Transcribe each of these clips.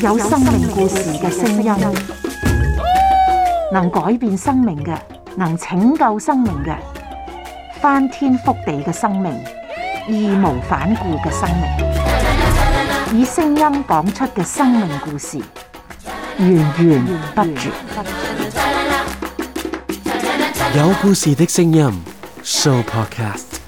有生命故事嘅聲音，能改變生命嘅，能拯救生命嘅，翻天覆地嘅生命，義無反顧嘅生命，以聲音講出嘅生命故事，源源不絕。有故事嘅聲音，Show Podcast。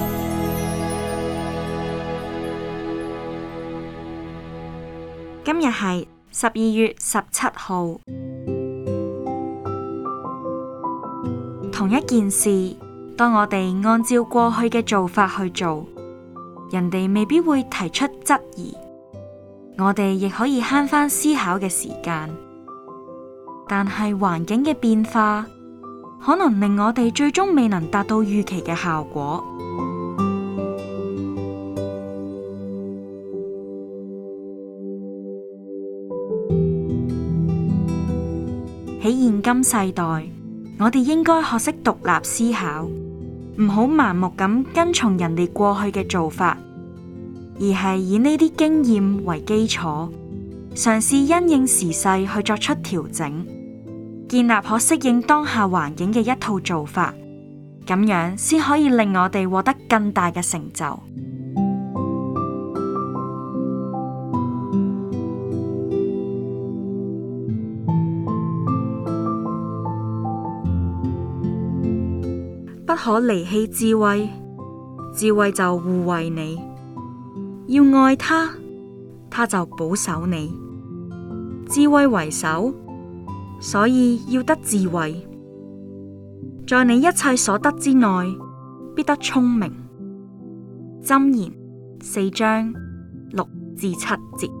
今日係十二月十七號。同一件事，當我哋按照過去嘅做法去做，人哋未必會提出質疑，我哋亦可以慳翻思考嘅時間。但係環境嘅變化，可能令我哋最終未能達到預期嘅效果。喺現今世代，我哋應該學識獨立思考，唔好盲目咁跟從人哋過去嘅做法，而係以呢啲經驗為基礎，嘗試因應時勢去作出調整，建立可適應當下環境嘅一套做法，咁樣先可以令我哋獲得更大嘅成就。不可離棄智慧，智慧就護衛你。要愛他，他就保守你。智慧為首，所以要得智慧。在你一切所得之內，必得聰明。箴言四章六至七節。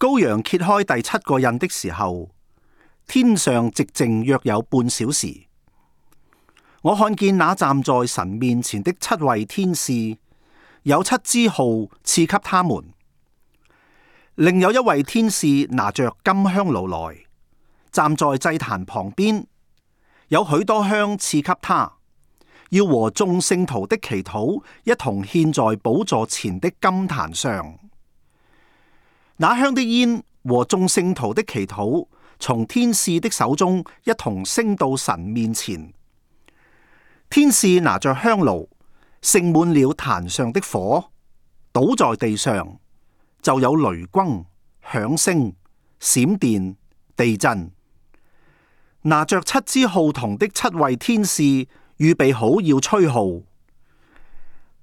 羔羊揭開第七個印的時候，天上寂靜約有半小時。我看見那站在神面前的七位天使，有七支號賜給他們。另有一位天使拿着金香爐來，站在祭壇旁邊，有許多香賜給他，要和眾聖徒的祈禱一同獻在寶座前的金壇上。那香的煙和眾聖徒的祈禱，從天使的手中一同升到神面前。天使拿着香爐，盛滿了壇上的火，倒在地上，就有雷轟、響聲、閃電、地震。拿着七支號筒的七位天使預備好要吹號。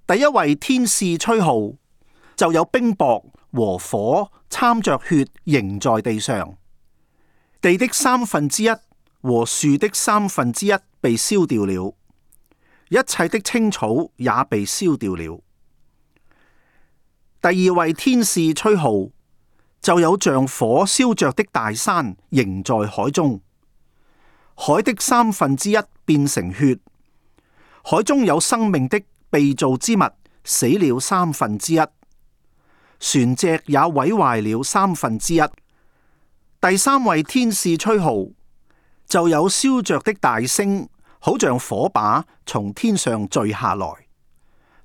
第一位天使吹號，就有冰雹。和火摻着血，扔在地上。地的三分之一和樹的三分之一被燒掉了，一切的青草也被燒掉了。第二位天使吹號，就有像火燒着的大山，扔在海中。海的三分之一變成血，海中有生命的被造之物死了三分之一。船隻也毀壞了三分之一。第三位天使吹號，就有燒着的大星，好像火把從天上墜下來，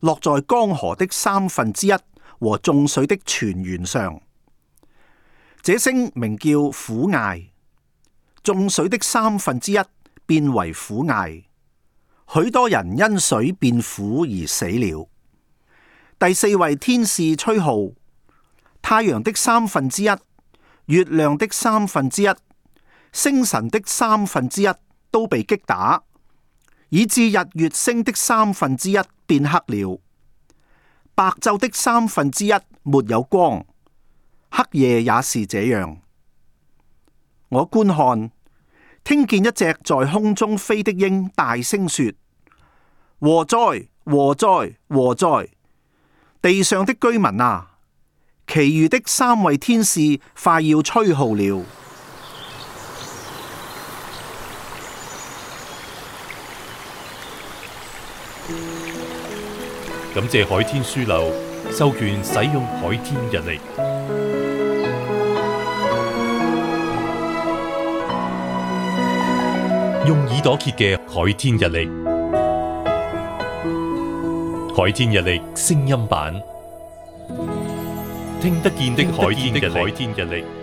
落在江河的三分之一和眾水的泉源上。這星名叫苦艾，眾水的三分之一變為苦艾，許多人因水變苦而死了。第四位天使吹號。太陽的三分之一、月亮的三分之一、星辰的三分之一都被擊打，以至日月星的三分之一變黑了，白晝的三分之一沒有光，黑夜也是這樣。我觀看，聽見一隻在空中飛的鷹大聲說：禍災，禍災，禍災！地上的居民啊！其餘的三位天使快要吹號了。感謝海天書樓授權使用海天日曆，用耳朵揭嘅海天日曆，海天日曆聲音版。聽得見的海天的海天日曆。